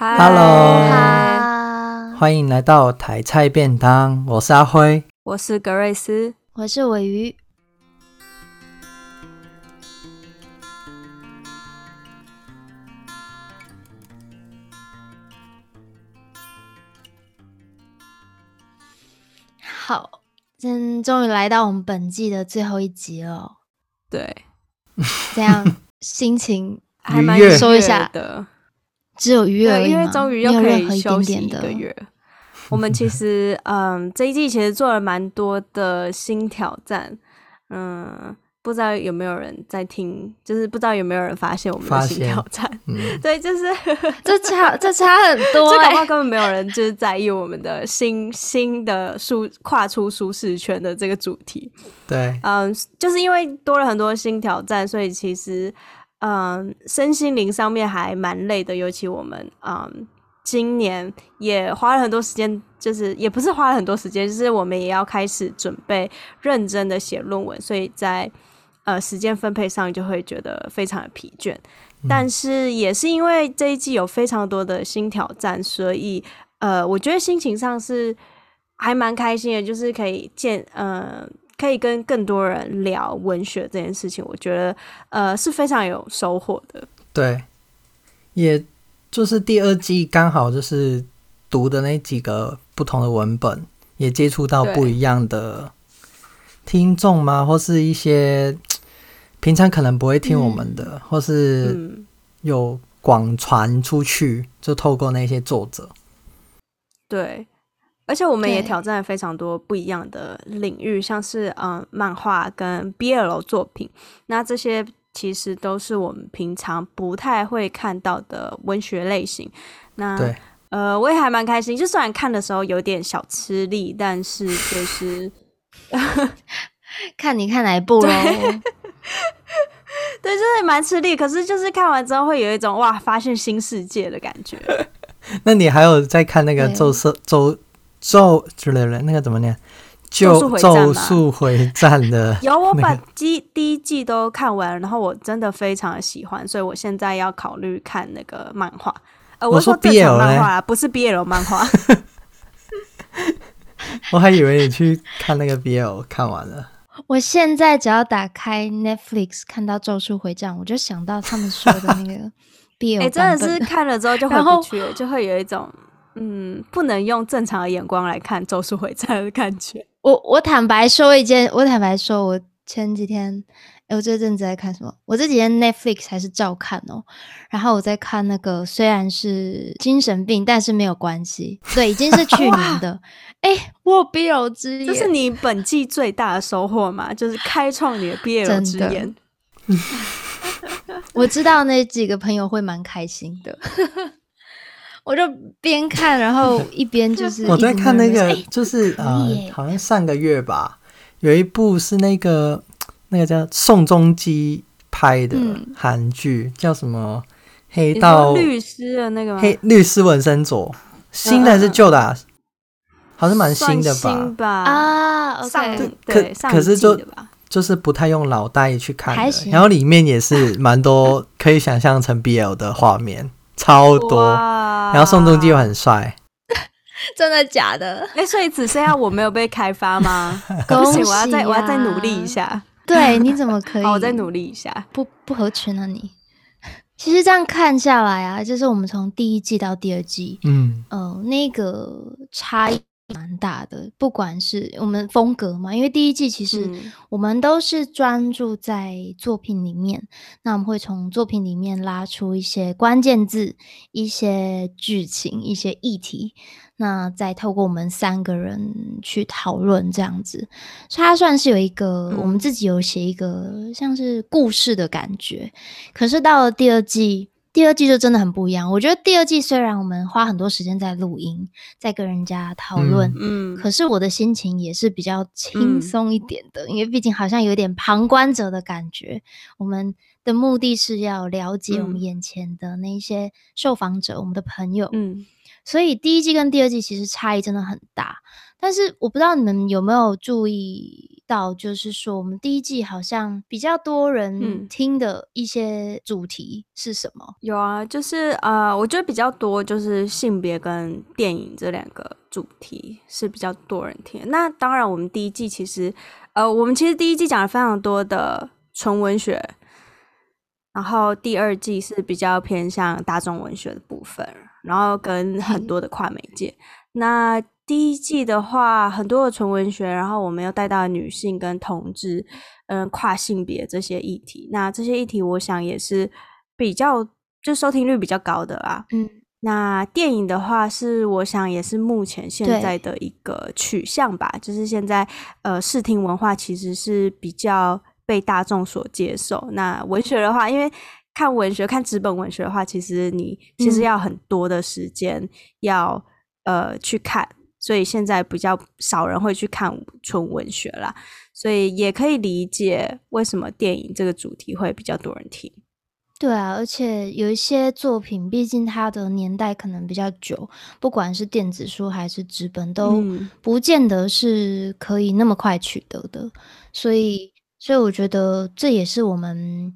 Hello，歡迎來到台菜便當。我是阿輝，我是格瑞斯，我是鮪魚。好，今天終於來到我們本季的最後一集了。對，這樣 心情還蠻愉悅的。只有，因為終於又可以休息一個月。沒有任何一點點的。我們其實， 嗯，這一季其實做了蠻多的新挑戰，嗯，不知道有沒有人在聽，就是不知道有沒有人發現我們的新挑戰。嗯、對，就是這差 這差很多、欸，這個話根本沒有人就是在意我們的新 新的舒跨出舒適圈的這個主題。對，嗯，就是因為多了很多新挑戰，所以其實。嗯，身心靈上面還蠻累的，尤其我們嗯，今年也花了很多時間，就是也不是花了很多時間，就是我們也要開始準備認真的寫論文，所以在呃時間分配上就會覺得非常的疲倦。嗯。但是也是因為這一季有非常多的新挑戰，所以呃，我覺得心情上是還蠻開心的，就是可以見呃。可以跟更多人聊文學這件事情，我覺得呃是非常有收穫的。對，也就是第二季剛好就是讀的那幾個不同的文本，也接觸到不一樣的聽眾嗎？對或是一些平常可能不會聽我們的，嗯、或是有廣傳出去，就透過那些作者。對。而且我們也挑戰了非常多不一樣的領域，對像是嗯，漫畫跟 BL 作品，那這些其實都是我們平常不太會看到的文學類型。那對呃，我也還蠻開心，就雖然看的時候有點小吃力，但是就是 看你看哪一部咯？對， 對，就是蠻吃力，可是就是看完之後會有一種哇，發現新世界的感覺。那你還有在看那個《週色對週？咒之類的那個怎麼念？就咒術回戰，戰的。有，我把第第一季都看完了，然後我真的非常的喜歡，所以我現在要考慮看那個漫畫。呃，我說正常、呃、漫畫，不是 BL 漫畫。 我還以為你去看那個 BL 看完了。我現在只要打開 Netflix，看到咒術回戰，我就想到他們說的那個 BL、 欸。你真的是看了之後就回不去了，然後就會有一種。嗯，不能用正常的眼光來看《咒術迴戰》的感覺。我我坦白說一件，我坦白說，我前幾天，欸、我這陣子在看什麼？我這幾天 Netflix 還是照看哦、喔。然後我在看那個，雖然是精神病，但是沒有關係。對，已經是去年的。哎 哇、欸，我有 BL 之眼，這是你本季最大的收穫嘛？就是開創你的 BL 之眼。我知道那幾個朋友會蠻開心的。我就邊看，然後一邊就是我在看那個，就是呃，好像上個月吧，有一部是那個那個叫宋仲基拍的韓劇，叫什麼《黑道律師》的那個嗎？黑律師文森佐，新的還是舊的？好像蠻新的吧？啊，上對上可是就就是不太用腦袋去看的，然後裡面也是蠻多可以想象成 BL 的畫面。超多，哇然後宋仲基又很帥， 真的假的？哎，所以只剩下我沒有被開發嗎？恭喜， 我要再我要再努力一下。 對，你怎麼可以？ 哦，我再努力一下，不不合群啊你。其實這樣看下來啊，就是我們從第一季到第二季，嗯，呃，那個差異。蠻大的，不管是我們風格嘛，因為第一季其實我們都是專注在作品裡面，嗯、那我們會從作品裡面拉出一些關鍵字、一些劇情、一些議題，那再透過我們三個人去討論，這樣子，所以它算是有一個、嗯、我們自己有寫一個像是故事的感覺，可是到了第二季，第二季就真的很不一樣。我覺得第二季雖然我們花很多時間在錄音，在跟人家討論，嗯，嗯，可是我的心情也是比較輕鬆一點的，嗯，因為畢竟好像有點旁觀者的感覺。我們的目的是要了解我們眼前的那些受訪者，嗯，我們的朋友，嗯，所以第一季跟第二季其實差異真的很大。但是我不知道你們有沒有注意，到就是說，我們第一季好像比較多人聽的一些主題是什麼？嗯、有啊，就是呃，我覺得比較多就是性別跟電影這兩個主題是比較多人聽的。那當然，我們第一季其實呃，我們其實第一季講了非常多的純文學，然後第二季是比較偏向大眾文學的部分，然後跟很多的跨媒介。唉那第一季的話，很多的純文學，然後我們又帶到了女性跟同志，嗯，跨性別這些議題。那這些議題，我想也是比較就收聽率比較高的啊。嗯，那電影的話，是我想也是目前現在的一個取向吧，對就是現在呃，視聽文化其實是比較被大眾所接受。那文學的話，因為看文學，看紙本文學的話，其實你其實要很多的時間要呃去看。所以現在比較少人會去看純文學啦，所以也可以理解為什麼電影這個主題會比較多人聽。對啊，而且有一些作品，畢竟它的年代可能比較久，不管是電子書還是紙本，都不見得是可以那麼快取得的。嗯、所以，所以我覺得這也是我們。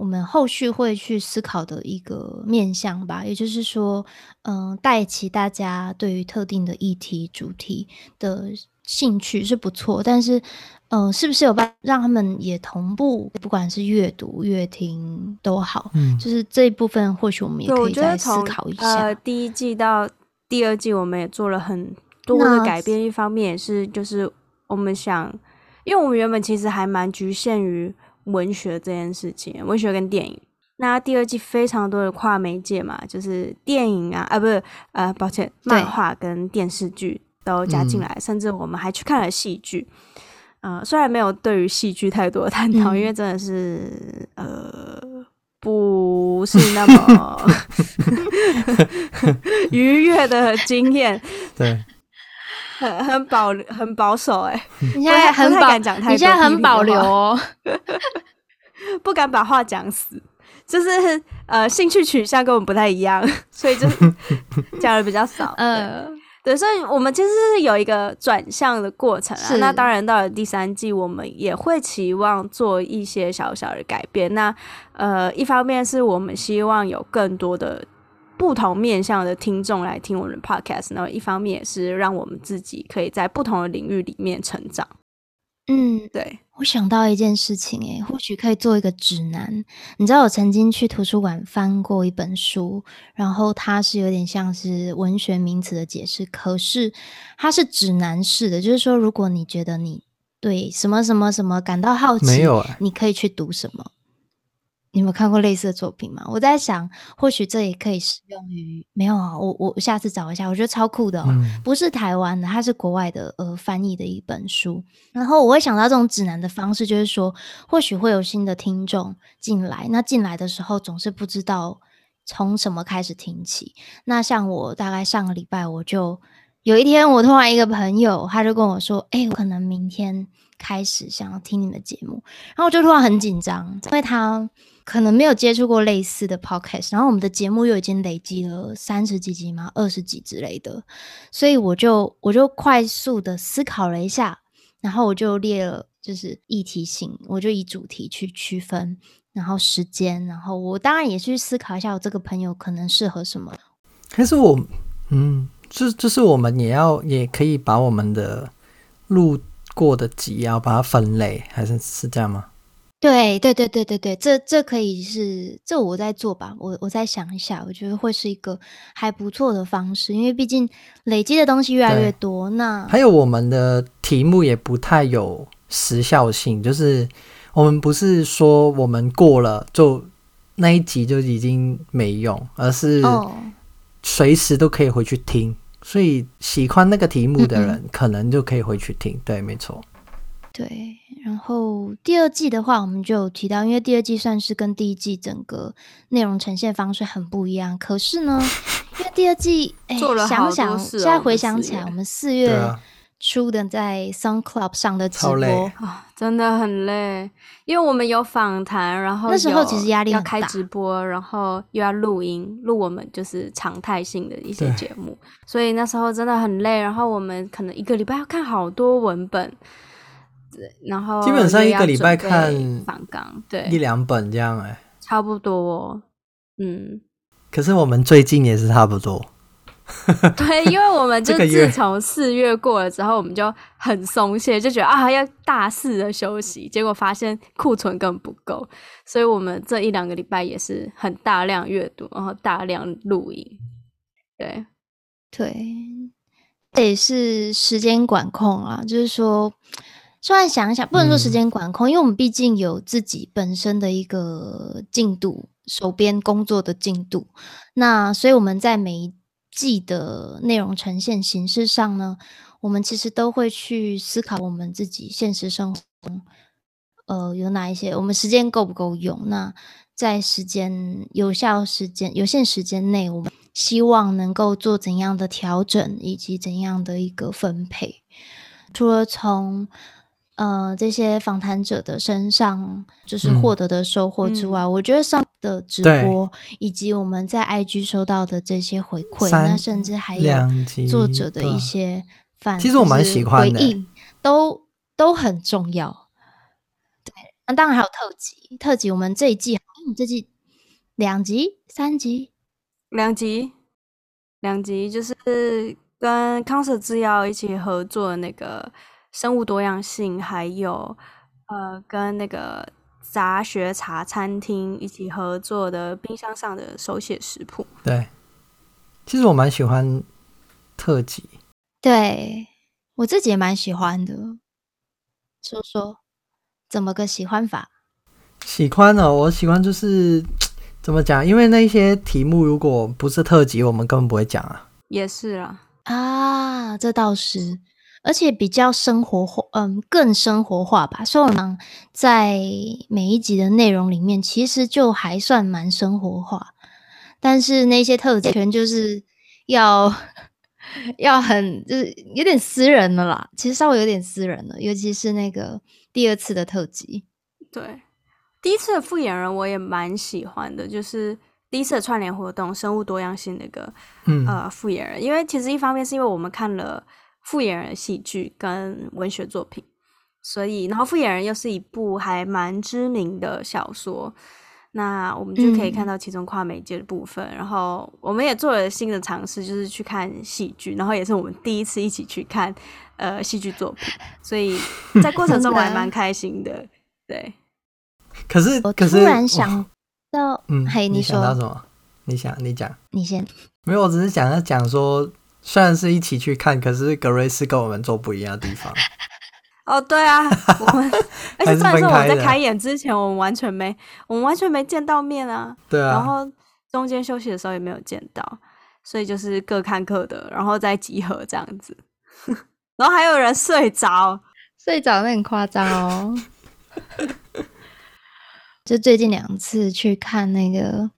我們後續會去思考的一個面向吧，也就是說，嗯、呃，帶起大家對於特定的議題主題的興趣是不錯，但是，嗯、呃，是不是有辦法讓他們也同步，不管是閱讀、閱聽都好，嗯、就是這一部分，或許我們也可以再思考一下。呃，第一季到第二季，我們也做了很多的改變，一方面那也是，就是我們想，因為我們原本其實還蠻局限於。文學這件事情，文學跟電影，那第二季非常多的跨媒介嘛，就是電影啊，啊不是，呃，抱歉，對漫畫跟電視劇都加進來，嗯、甚至我們還去看了戲劇，呃，雖然沒有對於戲劇太多的探討，嗯、因為真的是呃不是那麼 愉悅的經驗，對。很很保很保守哎、欸，你現在很保不敢講太多噼噼，你現在很保留哦， 不敢把話講死，就是呃興趣取向跟我們不太一樣，所以就是講的比較少。嗯、呃、對，所以我們其實是有一個轉向的過程啊。是那當然，到了第三季，我們也會期望做一些小小的改變。那呃，一方面是我們希望有更多的。不同面向的聽眾來聽我們的 podcast，那麼一方面也是讓我們自己可以在不同的領域裡面成長。嗯，對，我想到一件事情、欸，誒，或許可以做一個指南。你知道，我曾經去圖書館翻過一本書，然後它是有點像是文學名詞的解釋，可是它是指南式的，就是說，如果你覺得你對什麼什麼什麼感到好奇，沒有啊、你可以去讀什麼。你們看過類似的作品嗎？我在想，或許這也可以適用於沒有啊。我我下次找一下，我覺得超酷的、喔，嗯、不是台灣的，它是國外的，呃，翻譯的一本書。然後我會想到這種指南的方式，就是說，或許會有新的聽眾進來。那進來的時候，總是不知道從什麼開始聽起。那像我大概上個禮拜，我就。有一天，我突然一個朋友，他就跟我說：“哎、欸，我可能明天開始想要聽你們的節目。”然後我就突然很緊張，因為他可能沒有接觸過類似的 podcast。然後我們的節目又已經累積了三十幾集嘛，二十幾集之類的，所以我就我就快速的思考了一下，然後我就列了就是議題型，我就以主題去區分，然後時間，然後我當然也去思考一下，我這個朋友可能適合什麼。還是我，嗯。這就,就是我們也要，也可以把我們的錄過的集要把它分類，還是是這樣嗎？對，對，對，對，對，對，這這可以是，這我在做吧，我我再想一下，我覺得會是一個還不錯的方式，因為畢竟累積的東西越來越多呢。對那還有我們的題目也不太有時效性，就是我們不是說我們過了就那一集就已經沒用，而是隨時都可以回去聽。Oh. 所以喜歡那個題目的人，可能就可以回去聽。嗯嗯對，沒錯。對，然後第二季的話，我們就有提到，因為第二季算是跟第一季整個內容呈現方式很不一樣。可是呢，因為第二季，誒、 哎，啊、想想現在回想起來，我們四月。初的在 Sound Club 上的直播累、哦、真的很累，因為我們有訪談，然後那時候其實壓力大，開直播，然後又要錄音錄我們就是常態性的一些節目，對所以那時候真的很累。然後我們可能一個禮拜要看好多文本，對，然後基本上一個禮拜看對一兩本這樣，哎，差不多，嗯。可是我們最近也是差不多。 對，因為我們就自從四月過了之後，我們就很鬆懈，就覺得啊要大肆的休息，結果發現庫存根本不夠，所以我們這一兩個禮拜也是很大量閱讀，然後大量錄音。對，對，這也是時間管控啊，就是說，雖然想一想，不能說時間管控，嗯、因為我們畢竟有自己本身的一個進度，手邊工作的進度，那所以我們在每一。記的內容呈現形式上呢，我們其實都會去思考我們自己現實生活中，呃，有哪一些我們時間夠不夠用？那在時間有效時間有限時間內，我們希望能夠做怎樣的調整，以及怎樣的一個分配？除了從呃，這些訪談者的身上就是獲得的收穫之外，嗯、我覺得上的直播以及我們在 IG 收到的這些回饋，對那甚至還有兩集作者的一些反饋，其實我蠻喜歡的，都都很重要。對，那當然還有特輯，特輯我們這一季，我、嗯、們這季兩集、三集、兩集、兩集，就是跟康舍製藥一起合作的那個。生物多樣性，還有呃，跟那個雜學茶餐廳一起合作的冰箱上的手寫食譜。對，其實我蠻喜歡特輯。對我自己也蠻喜歡的，就是、說說怎麼個喜歡法？喜歡哦、喔，我喜歡就是怎麼講？因為那些題目如果不是特輯，我們根本不會講啊。也是啊，啊，這倒是。而且比較生活化，嗯、呃，更生活化吧。所以呢，在每一集的內容裡面，其實就還算蠻生活化。但是那些特輯就是要要很就是有點私人的啦，其實稍微有點私人的，尤其是那個第二次的特輯。對，第一次的複眼人我也蠻喜歡的，就是第一次的串聯活動生物多樣性的一個、嗯、呃複眼人，因為其實一方面是因為我們看了。復演人戲劇跟文學作品，所以然後複眼人，又是一部還蠻知名的小說，那我們就可以看到其中跨媒介的部分。嗯、然後我們也做了新的嘗試，就是去看戲劇，然後也是我們第一次一起去看呃戲劇作品，所以在過程中我還蠻開心的。對，可是，可是我突然想到，嗯，嘿，你說你想到什麼？你想，你講，你先沒有，我只是想要講說。雖然是一起去看，可是格瑞斯跟我們坐不一樣的地方。哦，對啊，我們而且雖然說我們在開演之前，我們完全沒，我們完全沒見到面啊。對啊。然後中間休息的時候也沒有見到，所以就是各看各的，然後再集合這樣子。 然後還有人睡着，睡着那很誇張哦。 就最近兩次去看那個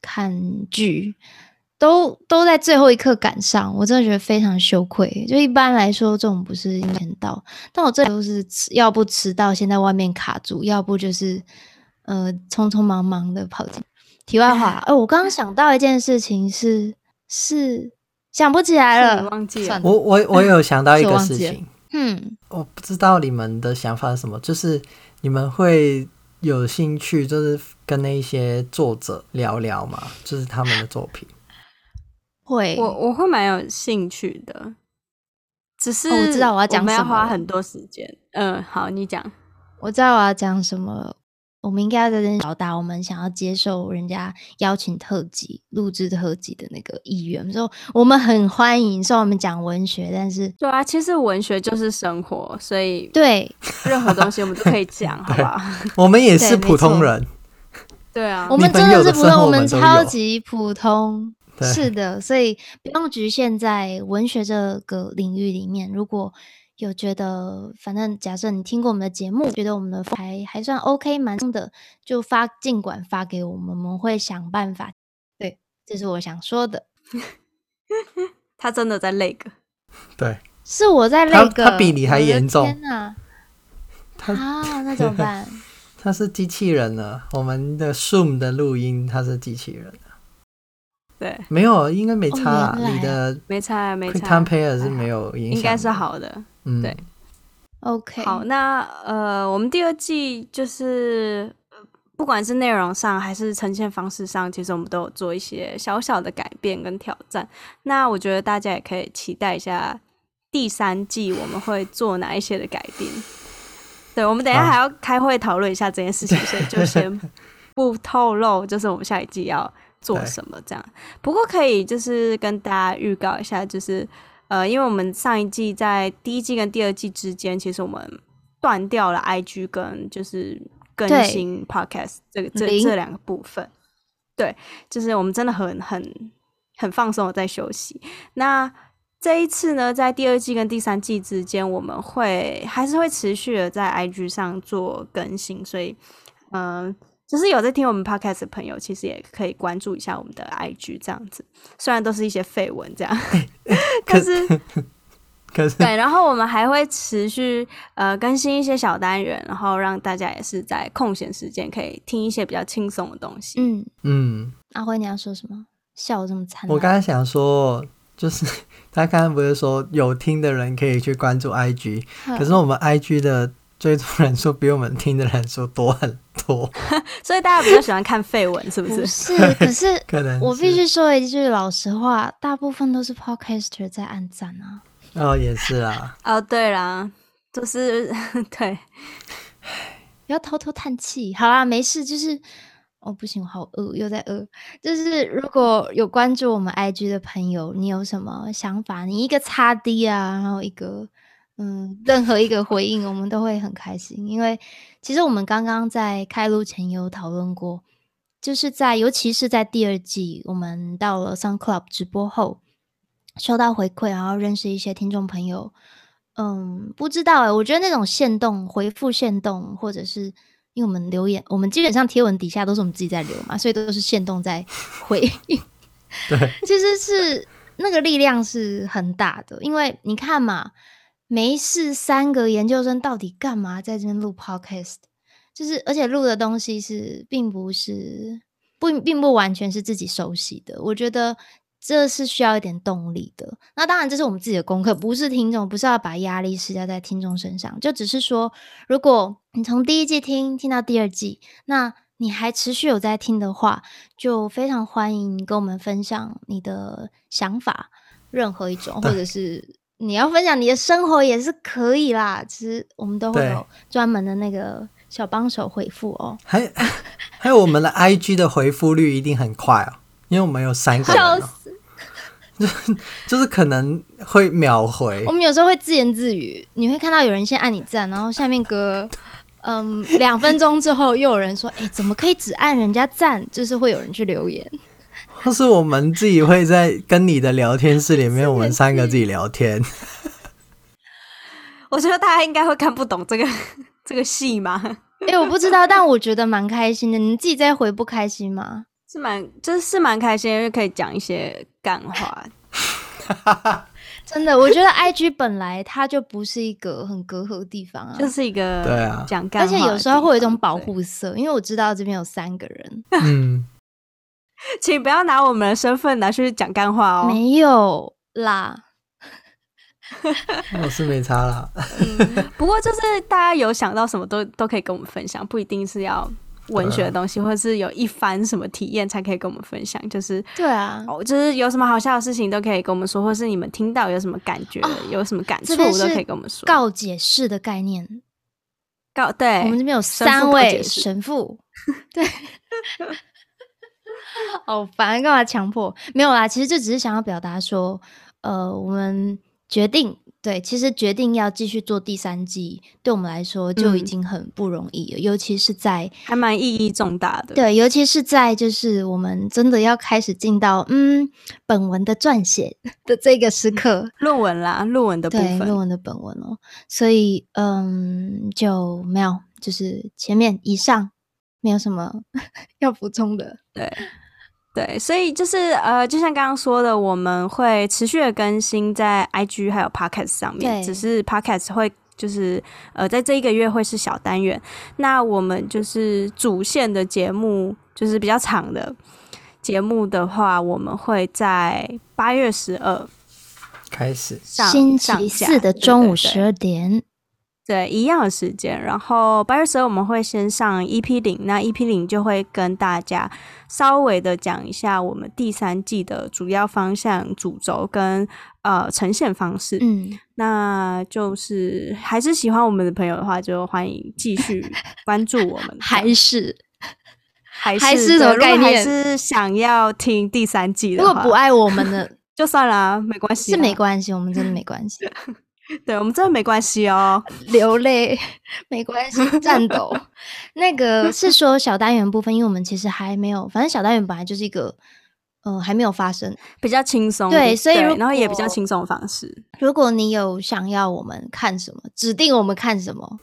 看劇。都都在最後一刻趕上，我真的覺得非常羞愧。就一般來說，這種不是一年到，但我這裡都是要不遲到，先在外面卡住，要不就是，呃，匆匆忙忙的跑進。題外話、 哦，我剛剛想到一件事情是，是是想不起來了，忘記了。我我我有想到一個事情，嗯，我，嗯我不知道你們的想法是什麼，就是你們會有興趣，就是跟那些作者聊聊嘛，就是他們的作品。 會我我會蠻有興趣的，只是我知道我要講什麼，要花很多時間。嗯，好，你講，我知道我要講什麼。我們應該要在這表達我們想要接受人家邀請特輯錄制特輯的那個意願，所以說我們很歡迎。雖然我們講文學，但是對啊，其實文學就是生活，所以對任何東西我們都可以講，對 好不好？ 我們也是普通人，對， 對啊，我們真的是普通我們超級普通。對是的，所以不用局限在文學這個領域裡面。如果有覺得，反正假設你聽過我們的節目，覺得我們的還還算 OK 蠻的，就發，儘管發給我們，我們會想辦法。對，這是我想說的。 他真的在累個，對，是我在累個，他比你還嚴重。天吶、啊。他啊，那怎麼辦？ 他是機器人了。我們的 Zoom 的錄音，他是機器人。對，沒有，應該沒差、啊，哦、你的沒差，沒差，是沒有影響，應該是好的，嗯，對，OK，好，那呃，我們第二季就是，不管是內容上還是呈現方式上，其實我們都有做一些小小的改變跟挑戰。那我覺得大家也可以期待一下第三季我們會做哪一些的改變。對，我們等一下還要開會討論一下這件事情，所以、啊、就先不透露，就是我們下一季要。做什麼這樣？不過可以就是跟大家預告一下，就是呃，因為我們上一季在第一季跟第二季之間，其實我們斷掉了 IG 跟就是更新 Podcast 對這個這這兩個部分。對，就是我們真的很很很放鬆的在休息。那這一次呢，在第二季跟第三季之間，我們會還是會持續的在 IG 上做更新，所以嗯、呃。就是有在聽我們 Podcast 的朋友，其實也可以關注一下我們的 IG 這樣子。雖然都是一些廢文這樣，欸、可是但是，但可是對，然後我們還會持續呃更新一些小單元，然後讓大家也是在空閒時間可以聽一些比較輕鬆的東西。嗯嗯，嗯阿輝，你要說什麼？笑這麼慘？我剛剛想說，就是他剛剛不是說有聽的人可以去關注 IG，對可是我們 IG 的。追聽人數比我們聽的人數多很多， 所以大家比較喜歡看廢文，是不是？ 不是，可是可能我必須說一句老實話，大部分都是 Podcaster 在按讚啊。啊哦，也是啊。 哦，對啦，就是 對，不要偷偷嘆氣。好啦，沒事，就是哦，不行，我好餓，又在餓。就是如果有關注我們 IG 的朋友，你有什麼想法？你一個差 D 啊，然後一個。嗯，任何一個回應我們都會很開心，因為其實我們剛剛在開錄前也有討論過，就是在，尤其是在第二季我們到了 Sound Club 直播後，收到回饋，然後認識一些聽眾朋友。嗯，不知道哎、欸，我覺得那種限動回復限動，或者是因為我們留言，我們基本上貼文底下都是我們自己在留嘛，所以都是限動在回應。 對，其實是那個力量是很大的，因為你看嘛。沒事，三個研究生到底幹嘛在這邊錄 podcast？就是，而且錄的東西是並不是不並不完全是自己熟悉的。我覺得這是需要一點動力的。那當然，這是我們自己的功課，不是聽眾，不是要把壓力施加在聽眾身上。就只是說，如果你從第一季聽聽到第二季，那你還持續有在聽的話，就非常歡迎你跟我們分享你的想法，任何一種，或者是。你要分享你的生活也是可以啦，其實我們都會有專門的那個小幫手回復哦。哦還還有我們的 IG 的回復率一定很快哦，因為我們有三個、哦。笑死！就就是可能會秒回。 我們有時候會自言自語，你會看到有人先按你讚，然後下面隔嗯兩分鐘之後又有人說：“哎，怎麼可以只按人家讚？”就是會有人去留言。可是我們自己會在跟你的聊天室裡面，我們三個自己聊天。 我覺得大家應該會看不懂這個這個戲嗎？哎、欸，我不知道，但我覺得蠻開心的。你自己在回不開心嗎？是蠻，真、就是蠻開心，因為可以講一些幹話。 真的，我覺得 I G 本來它就不是一個很隔閡的地方啊，就是一個講幹話，對啊，而且有時候會有一種保護色，對因為我知道這邊有三個人。嗯。請不要拿我們的身份拿去講幹話哦。沒有啦，我、 哦、是沒差啦、嗯。不過就是大家有想到什麼都都可以跟我們分享，不一定是要文學的東西，啊、或者是有一番什麼體驗才可以跟我們分享。就是對啊、哦，就是有什麼好笑的事情都可以跟我們說，或是你們聽到有什麼感覺，哦、有什麼感觸都可以跟我們說。是告解式的概念，告對，我們這邊有三位神父，神父 對。 好煩，幹嘛強迫？沒有啦，其實就只是想要表達說，呃，我們決定對，其實決定要繼續做第三季，對我們來說就已經很不容易了，嗯、尤其是在還蠻意義重大的。對，尤其是在就是我們真的要開始進到嗯，本文的撰寫的這個時刻，論文啦，論文的部分，論文的本文哦、喔，所以嗯，就沒有就是前面以上沒有什麼 要補充的，對。對，所以就是呃，就像剛剛說的，我們會持續的更新在 IG 還有 Podcast 上面，對只是 Podcast 會就是呃，在這一個月會是小單元。那我們就是主線的節目，就是比較長的節目的話，我們會在八月十二開始，上下星期四的中午十二點。對對對對，一樣的時間。然後八月十二我們會先上 EP 0，那 EP 0就會跟大家稍微的講一下我們第三季的主要方向、主軸跟、呃、呈現方式。嗯，那就是還是喜歡我們的朋友的話，就歡迎繼續關注我們的。還是還是如果還是想要聽第三季的話，如果不愛我們的， 就算了，沒關係，是沒關係，我們真的沒關係。 對，我們真的沒關係哦、喔，流淚沒關係，戰鬥 那個是說小單元部分，因為我們其實還沒有，反正小單元本來就是一個，呃，還沒有發生，比較輕鬆。對，所以然後也比較輕鬆的方式。如果你有想要我們看什麼，指定我們看什麼，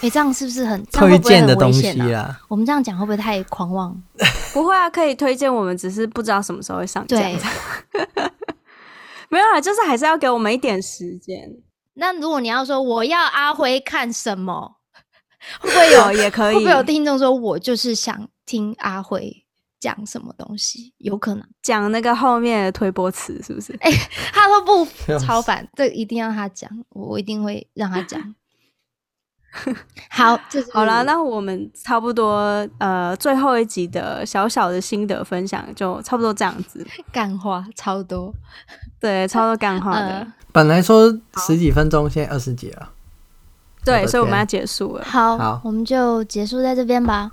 你、欸、這樣是不是很推薦的東西啊？我們這樣講會不會太狂妄？ 不會啊，可以推薦我們，只是不知道什麼時候會上架。對 沒有啊，就是還是要給我們一點時間。那如果你要說我要阿輝看什麼， 會不會有，有也可以？會不會有聽眾說我就是想聽阿輝講什麼東西？有可能講那個後面的推波詞，是不是？哎、欸，他說不超凡，是這一定要讓他講，我一定會讓他講。 好，就是、好了，那我們差不多，呃，最後一集的小小的心得分享就差不多這樣子，幹話 超多，對，超多幹話的。呃、本來說十幾分鐘，好現在二十幾了，對，所以我們要結束了。好，好，我們就結束在這邊吧。